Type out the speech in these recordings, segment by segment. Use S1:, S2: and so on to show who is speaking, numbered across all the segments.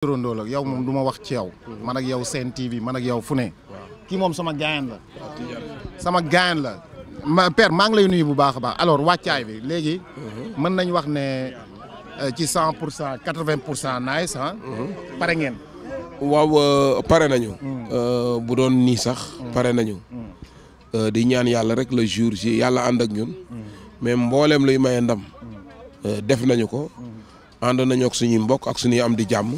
S1: turandoo la yow moom du ma wax ci yow mhm. man ak yow Sen TV man ak yow fu ne kii moom sama gaayan la sama gaayan la ma père maa ngi lay nuyu bu baax a baax alors wàccaay bi léegi mhm. mën nañ wax ne euh, ci cent pour cent quatre pour cent naay sax mhm. pare ngeen
S2: waaw euh, pare nañu euh, bu doon nii sax pare nañu di ñaan yàlla rek la jour ji yàlla ànd ak ñun mais mbooleem luy maye def nañu ko ànd nañu ak suñuy mbokk ak suñuy am di jàmm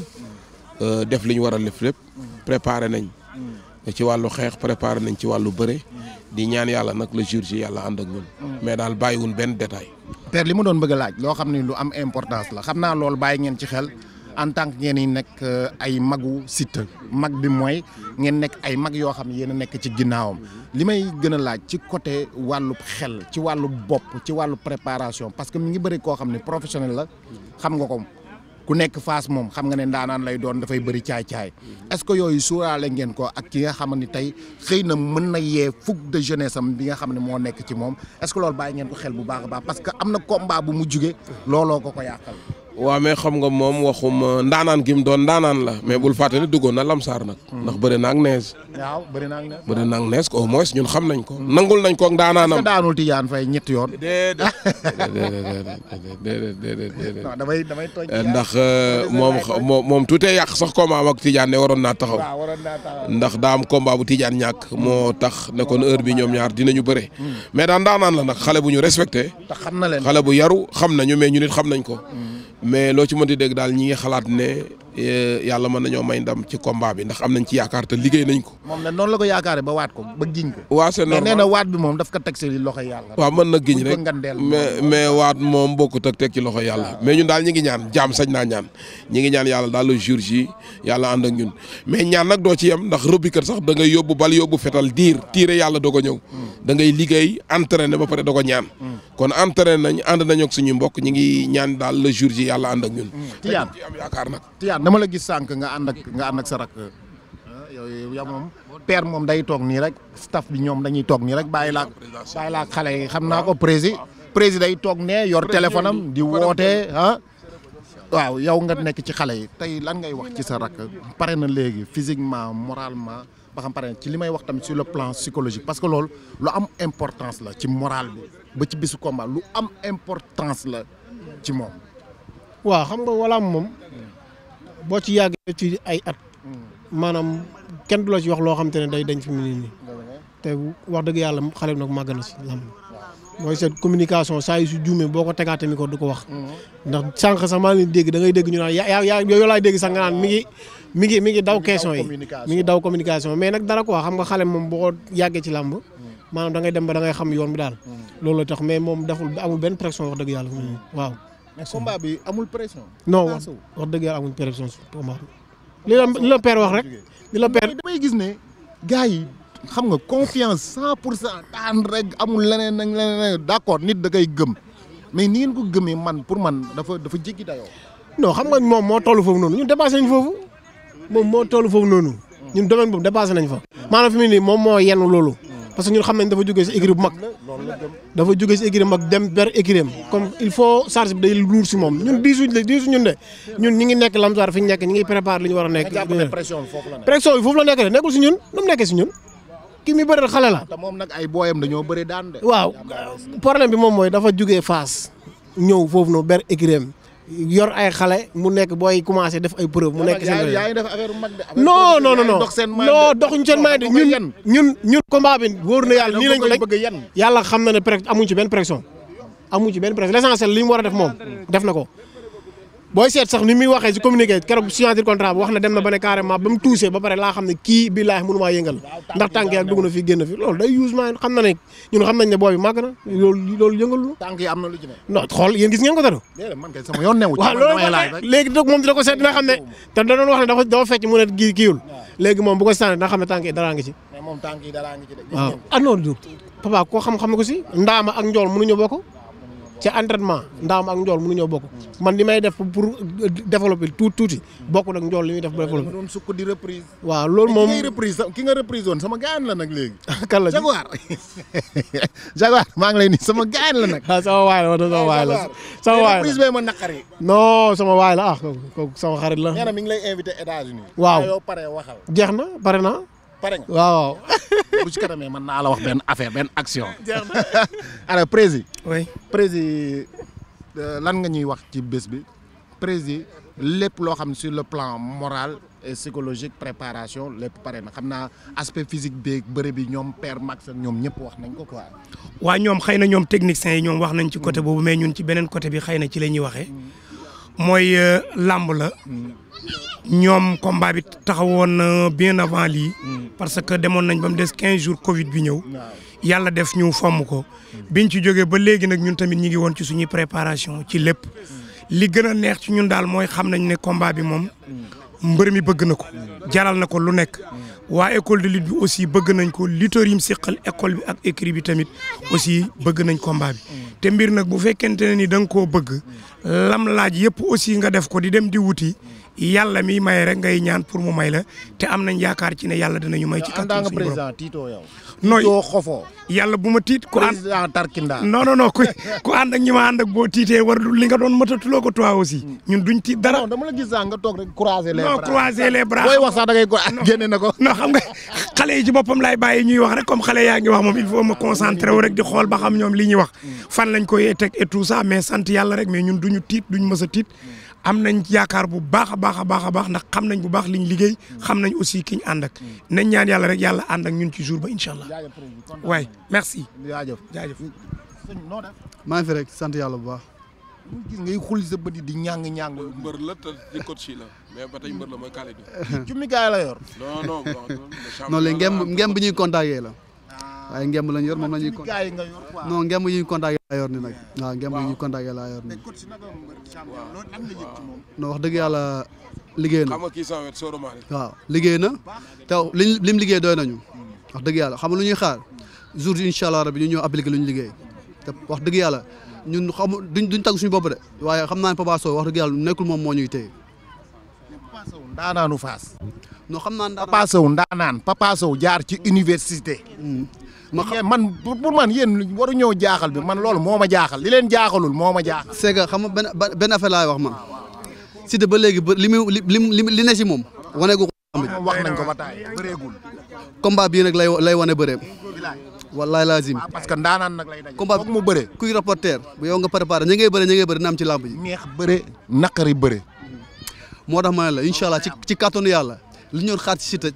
S2: Euh, def li ñu war a def lépp préparé nañ mm. ci wàllu xeex préparé nañ ci wàllu
S1: bëre mm. di ñaan yàlla nag le jour ji yàlla ànd ak ñun mm. mais daal bàyyiwun benn détail père li ma doon bëgg a laaj loo xam ni lu am importance la xam naa loolu bàyyi ngeen ci xel en tant que ngeen yi nekk euh, ay magu Siteu mag bi mooy ngeen nekk ay mag yoo xam ne yéen a nekk ci ginnaawam li may gën a laaj ci côté wàllu xel ci wàllu bopp ci wàllu préparation parce que mu ngi bëri koo xam ne professionnel la xam nga ko ku nekk Fass moom xam nga ne ndaanaan lay doon dafay bëri caay-caay est-ce que yooyu suuraale ngeen ko ak ki nga xam ne tey xëy na mën na yee fougue de jeunesse am bi nga xam ne moo nekk ci moom est-ce que loolu bàyyi ngeen ko xel bu baax a baax parce que am na combat bu mu jugee looloo ko ko yàqal
S2: waaw mais xam nga moom waxuma euh, ndaanaan gi mu doon ndaanaan la mais bul fàtte ne duggoon na lamsaar nak mm. ndax bëri na ak nees.
S1: waaw bëri na ak nees
S2: bëri na au moins ñun xam nañ ko. nangul nañ ko ak ndaanaanam
S1: est-ce que yoon. déedéet
S2: déedéet déedéet non damay ndax euh, moom moom moom tuutee yàq sax combat ak Tidiane ne waroon naa taxaw. ndax daa am combat bu Tidiane ñàkk mm. moo tax ne kon heure bi ñoom ñaar dinañu bëre. Mm. mais daan ndaanaan la nag xale bu ñu respecté. te xam na leen xale bu yaru xam nañu mais ñun xam nañ ko. mais loo ci mënti dégg daal ñi ngi xalaat ne Eh, yàlla mën nañoo may ndam ci combat bi ndax am nañ ci yaakaar te liggéey nañ ko.
S1: moom nag noonu la ko yaakaaree ba waat ko ba giñ
S2: ko. waaw c'est normal mais nee na
S1: waat bi moom daf ko teg ci loxo yàlla.
S2: waaw mën na giñ rek mais mais waat moom bokkut ak teg ci loxo yàlla. mais ñun daal ñi ngi ñaan jaam sañ naa ñaan. ñi ngi ñaan yàlla daal le jour ji yàlla ànd ak ñun mais ñaan nag doo ci yem ndax rëbbikat sax da ngay yóbbu bal yóbbu fetal diir tiire yàlla doo ko ñëw. Hmm. da ngay liggéey entraîné ba pare doo ko ñaan. Hmm. kon entraîné nañ ànd nañu ak suñu mbokk ñi ngi ñaan daal le jour ji yàlla ànd ak ñun
S1: hmm. dama la gis sànq nga ànd ak nga ànd sa rakk ah, yow yow moom père moom day toog nii rek staff bi ñoom dañuy toog nii rek bàyyi laak bàyyi laak xale yi xam naa ko prési prési day toog nee yor téléphone am di woote ah waaw yow nga nekk ci xale yi tey lan ngay wax ci sa rakk pare na léegi physiquement moralement ba xam pare ci li may wax tamit sur le plan psychologique parce que loolu lu am importance la ci moral bi ba ci bisu combat lu am importance la ci moom waaw xam nga wala moom boo ci yàggee
S3: ci ay at hmm. maanaam kenn du la ci wax loo xam te ne day dañ fi mu ne nii te wax dëgg yàlla xale nag màgg na si lam mooy seen communication saa yu su juumee boo ko du ko wax hmm. ndax sànq sax maa ngi leen dégg ñu naan yaa yaa yooyu laay dégg sax nga mi ngi mi ngi mi ngi daw question yi mi ngi daw communication mais nag dara quoi xam nga xale moom boo yàggee ci làmb hmm. maanaam da ngay dem ba dangay xam yoon bi daal loolu la tax mais moom deful amul benn pression wax dëgg yàlla waaw mais combat
S1: bi amul pression. non wax
S3: dëgg yàlla amul pression si combat bi.
S1: li la li la père wax rek. li la damay gis ne gars yi xam nga confiance sant pour cent daan rek amul leneen ak leneen d'accord nit da koy gëm mais ni ngeen ko gëmee man pour man dafa dafa jéggi dayoo. non xam nga moom moo toll foofu noonu ñun dépassé nañ foofu
S3: moom moo toll foofu noonu ñun domaine boobu dépassé nañ fa. maanaam fi mu moom moo yenu loolu. parce que ñun xam nañ dafa jógee si écurie bu mag dafa jógee si écurie bu mag dem ber écurie comme il faut charge bi day luur si moom ñun diisuñ la diisuñ ñun de ñun ñi ngi nekk lamsaar fi ñu nekk ñi ngi préparé ñu war a nekk pression bi foofu la nekk de nekkul si ñun nu mu nekkee si ñun ki mi bëri xale la
S1: moom nag ay booyam dañoo bëri daan de waaw problème bi moom mooy
S3: dafa jógee Fass ñëw foofu noonu ber écurie yor ay xale mu nekk booy commencé def ay mu nekk seen yaa ngi
S1: def affaire mag de
S3: maay de ñun ñun ñun combat bi na yàlla nii lañ ko teg xam na ne amuñ ci benn pression amuñ ci benn pression l'essentiel li mu war a def moom def na ko booy seet sax ni muy waxee si communiqué keroog signature contrat bi wax na dem na ba ne carrément ba mu tuusee ba pare laa xam ne kii billaahi mënu maa yëngal ndax tànk yi ak dugg na fi génn fi loolu day use maa xam na ne ñun xam nañ ne booy bi màgg na loolu loolu yëngalu tànk yi da doon wax ne kii kiiwul léegi moom bu ko sànni dina xam ne ah papa koo xam-xam ne ko si ndaama ak njool mënuñu bokk ci entraînement ndaam ak njool mënu ñoo bokk man li may def pour développer tuuti tuuti bokk ak njool li muy
S1: def pour développer doon di reprise waaw loolu moom reprise ki nga reprise woon sama gaan la nag léegi kan la jaguar maa ngi lay ni sama gaan la nag sama waay la wa sama waay la sama waay reprise ma naqari
S3: sama waay la ah kooku sama xarit la nee na mi
S1: ngi lay invité États-Unis waaw ah, yow pare jeex na pare na pare nga waaw bu ci kanamee mën naa la wax benn affaire benn action. jeex na alors prési. Euh, lan nga ñuy wax ci bés bi prési lép loo xam sur le plan moral et psychologique préparation lépp pare na xam naa aspect physique beeg bëre bi ñoom père
S4: Max ñoom ñëpp wax nañ ko quoi. waaw ñoom xëy na ñoom techniciens yi ñoom wax nañ ci côté boobu mais ñun ci beneen côté bi xëy na ci la ñuy waxee. Mm. mooy euh, làmb la ñoom combat bi taxawoon na euh, bien avant lii parce que demoon nañ ba des quinze jours Covid bi ñëw yàlla def ñu fomm ko biñ ci jógee ba léegi nag ñun tamit ñi ngi woon ci suñu préparation ci lépp li gën a neex ci ñun daal mooy xam nañ ne combat bi moom mbër mi bëgg na ko jaral na ko lu nekk waa école de lutte bi aussi bëgg nañ ko lutteurs yi mu seqal école bi ak écrit bi tamit aussi bëgg nañ combat bi te mbir nag bu fekkente ne ni da nga koo bëgg lam laaj yëpp aussi nga def ko di dem di wuti yàlla mi maye rek ngay ñaan pour mu may la te am nañ yaakaar ci ne yàlla ñu may. ci kàttan suñu borom président tiitoo yow. nooy tiitoo xofoo. yàlla bu ma tiit ko ànd
S1: président Tarkinda. non non non ku ku ànd ma
S4: ànd ak boo tiitee war li nga doon mëtatuloo ko toi aussi. ñun duñ tiit dara non dama la gis sax nga toog rek croiser les bras. non croiser les bras booy wax na xam nga xale yi ci boppam laay bàyyi ñuy wax rek comme xale yaa ngi wax moom il faut ma concentré wu rek di xool ba xam ñoom li ñuy wax. Mm. fan lañ koy e et tout ça mais sant yàlla rek mais ñun duñu tiit duñ mës a tiit am nañ ci yaakaar bu baax a baax a baax a baax ndax xam nañ bu baax liñ liggéey xam nañ aussi ki ñu ànd ak nañ ñaan yàlla rek yàlla ànd ak ñun ci jour ba incha allah waay
S1: merci. jaajëf jaajëf.
S4: maa rek sant yàlla bu baax.
S5: gis ngay xul sa bët yi di ñàng ñàng. mbër
S2: la te di mais ba tey mbër la mooy
S5: Kalidou. ci mi la yor. non non non. non léegi ñuy contacter la. waaye ngemb lañ yor moom la ñuy non ngemb yi ñu contacté laa yor ni nag waaw ngemb yi ñu contacté laa yor ni non wax dëgg yàlla liggéey na
S2: waaw
S5: liggéey na te li lim liggéey doy nañu hmm. wax dëgg yàlla xam nga lu ñuy xaar jour yi incha allah rabi ñu ñëw appliqué lu ñu liggéey te wax dëgg yàlla ñun xam duñ duñ tagg suñu bopp de waaye xam naa ne Papa Sow wax dëgg yàlla nekkul moom moo ñuy téye ndaanaanu faas xam naa ndaanaan Papa Sow ndaanaan Papa Sow jaar ci université hmm. ma xam man pour man yéen waru ñëw jaaxal bi man loolu moo ma jaaxal li leen jaaxalul moo ma jaaxal. c'est que xam nga benn laa affaire laay wax man Siteu ba léegi ba li li li ne si moom wane gu wax nañ ko ba taay bëreegul. combat bii nag lay lay wane bëreem. wallaay laazim. Ah, parce que ndaanaan nag lay daj. combat bi mu bëre. kuy reporter bu yow nga préparé ñi ngay bëre ñi ngay bëre na am ci làmb ji. neex bëre naqari bëre. moo tax ma ne la incha allah ci ci kàttanu yàlla li ñu xaar ci Siteu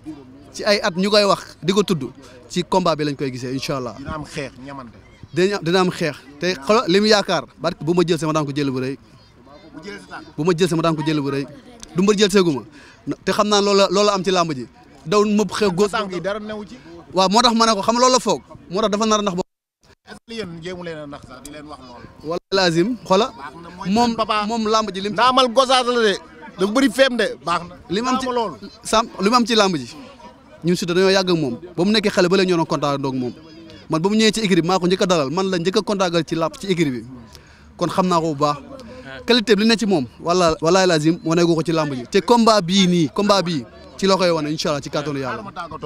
S5: ci ay at ñu koy wax di ko tudd ci combat bi lañ koy gisee incha allah. dina am xeex ñamante. dina am xeex te xolo li mu yaakaar. barke bu ma jël sama daan ko jël bu rëy bu ma jël sama daan ko jël bu rëy du mbër jël seegu ma te xam naa loola loola am ci làmb ji daw mëb xeex góor. dara newu ci. waaw moo tax ma ne ko xam loolu la foog moo dafa nar a nax
S1: yéen jéemu leen a nax sax di leen wax loolu.
S5: wala lazim xola moom moom làmb ji lim. naamal gosaas la de dafa bëri baax na li ma am ci sam li ma am ci làmb ji. ñun Siteu dañoo yàgg ak moom ba mu nekkee xale ba léegi ñoo doon contact ak moom man ba mu ñëwee ci écurie bi maa ko njëkk a dalal man la njëkk a contactal ci làpp bi kon xam naa ko bu baax qualité bi li ne ci moom wala walaay lazim waneegu ko ci làmb ji te combat bii ni combat bi ci la koy wane incha allah ci kàttanu yàlla.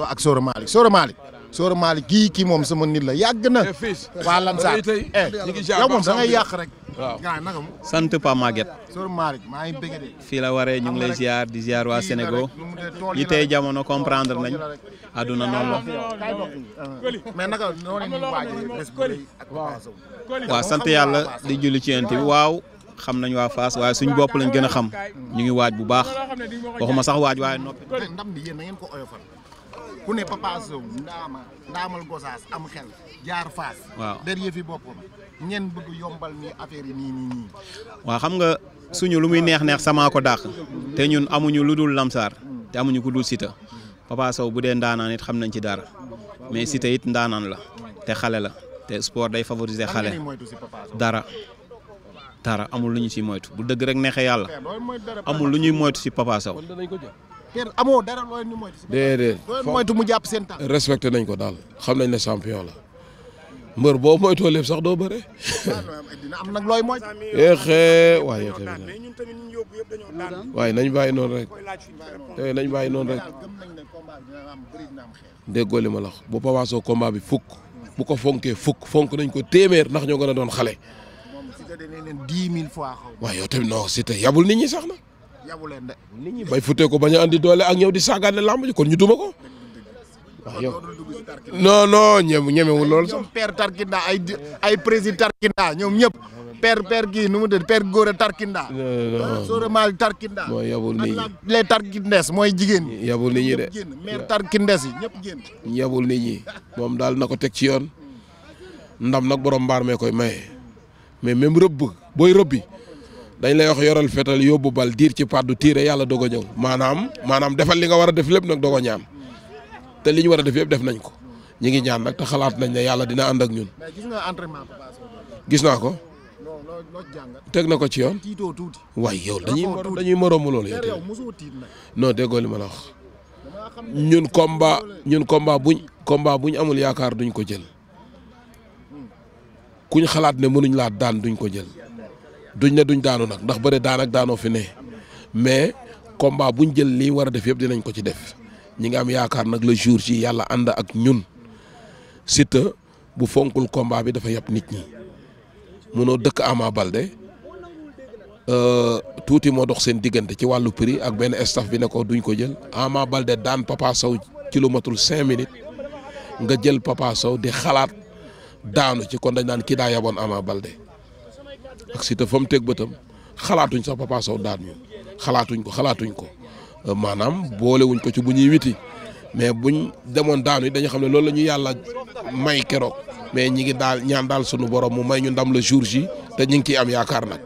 S5: ak Soro Malick Soro Malick Soora Malick kii
S1: kii moom sama nit la yàgg na. Eh, waa Lansar eh, yow moom da ngay yàq rek. waaw sant Pa Maguette. fii la waree ñu ngi lay ziar di ziar waa Sénégal yi tey jamono comprendre nañ àdduna noonu la. waaw sant yàlla di julli ci yent waaw. xam nañ waa Fass waa suñ bopp lañ gën a xam ñu ngi waaj bu baax waxuma sax waaj waaye noppi. ku ne Papa Sow ndaama ndaamal Gosaas am xel jaar faas. waaw der yëfi boppam ñen bëgg affaire yi nii xam nga suñu lu muy neex neex samaako ko dàq. te ñun amuñu lu dul lamsaar. te amuñu ku dul sita Papa Sow bu dee ndaanaan it xam nañ ci dara mais Siteu it ndaanaan la te xale la te sport day favoriser xale. dara dara amul lu ñu ci moytu bu dëgg rek neexee yàlla amul lu ñuy moytu ci Papa Sow. kenn amoo dara looy ñu moytu. déedéet mu jàpp seen tànk. nañ ko daal xam nañ ne
S2: champion la mbër boo moytoo lépp sax doo bëre.
S1: dina am nag looy moytu.
S2: xee waaye yow tamit waaye nañ bàyyi noonu rek eh nañ bàyyi noonu rek déggoo li ma la bu Papa Sow combat bi fukk bu ko fonkee fukk fonk nañ ko téeméer ndax ñoo gën a doon xale. waaw yow tamit non si te yabul nit ñi sax
S1: na. yabu leen de. nit
S2: ñi futee ko ba a andi
S1: doole ak ñëw di saagaane làmb ji kon ñu duma ko. wax yow non non ñemewul lool sax. père Tarkinda ay ay président Tarkinda ñoom ñëpp. père père kii nu mu tudd père Gora Tarkinda. non Sora Mal Tarkinda. mooy yabul Tarkindes mooy jigéen ñi. yabul nit ñi de Tarkindes yi ñëpp génn. yabul nit ñi moom daal na ko
S2: teg ci yoon ndam nag borom mbaar mee koy maye mais même rëbb booy rëbbi. dañ lay wax yoral fetal yóbbu bal diir ci pàddu tiire yàlla doog a ñëw maanaam maanaam defal li nga war def lépp nag doog te li ñu war a def yëpp def nañ ko ñu ngi ñaan nag te xalaat nañ ne yàlla dina ànd ak ñun. gis naa ko. teg na ko ci yoon. waaye yow dañuy dañuy moroomu loolu yow non déggoo li ma la ñun komba ñun combat buñ combat buñ amul yaakaar duñ ko jël hmm. kuñ xalaat ne mënuñ laa daan duñ ko jël. duñ ne duñ daanu nag ndax bëre daan ak daanoo fi ne mais combat buñ jël lii war a def yëpp dinañ ko ci def ñi nga am yaakaar nag la jour ci yàlla ànd ak ñun Siteu bu fonkul combat bi dafa yàpp nit ñi munoo dëkk Ama Baldé euh, tuuti moo dox seen diggante ci wàllu prix ak benn staff bi ne ko duñ ko jël Ama balde daan Papa Sow ci lu matul cinq minutes nga jël Papa Sow di xalaat daanu ci kon dañ daan kii daa yaboon Ama balde ndax Siteu fa mu teg bëtam xalaatuñ sax Papa Sow daan ñu xalaatuñ ko xalaatuñ ko euh, maanaam boolewuñ ko ci bu ñuy witi mais buñ demoon daanu yi dañu xam ne loolu la ñu yàlla may keroog mais ñi ngi daal ñaan daal sunu borom mu may ñu ndam la jour ji te ñu ngi ciy am yaakaar nag.